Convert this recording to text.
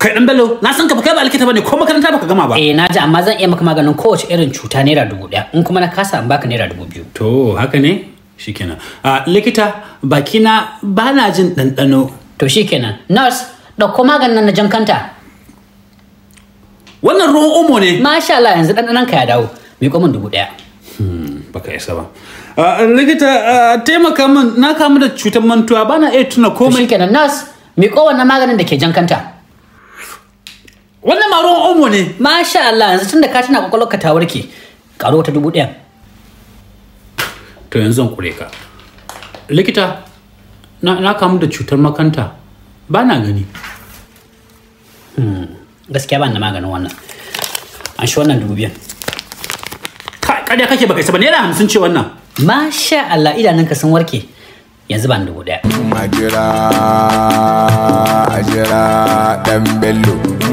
kai dan bello na san ka ba kai ba likita bane ko makaranta baka gama ba eh na ji amma zan iya maka maganin kowace irin cuta naira dubu daya in kuma na kasa an baka naira dubu biyu to haka ne shikenan a ah, likita bakina ba na jin dandano. to shikenan nurse dauko maganin na jankanta wannan ruwan omo ne masha Allah yanzu ɗanɗanon ka ya dawo mai kuma dubu daya hmm, baka isa ba ah, likita ah, taimaka min na kamu da cutar mantuwa bana iya tuna komai shikenan Nurse mi kowanne maganin da ke jankanta auren umu ne masha Allah yanzu da ka tana kwakwalwar ka ta warke karo ta dubu ɗaya to yanzu zan kure ka likita na kamu da cutar makanta ba na gani hmm, gaskiya ba na maganin wannan an shi wannan dubu biyan kada kake baka isa ba naira hamsin ce wannan masha Allah ka sun warke yanzu ba dubu ɗaya. Majira, jira ɗan bello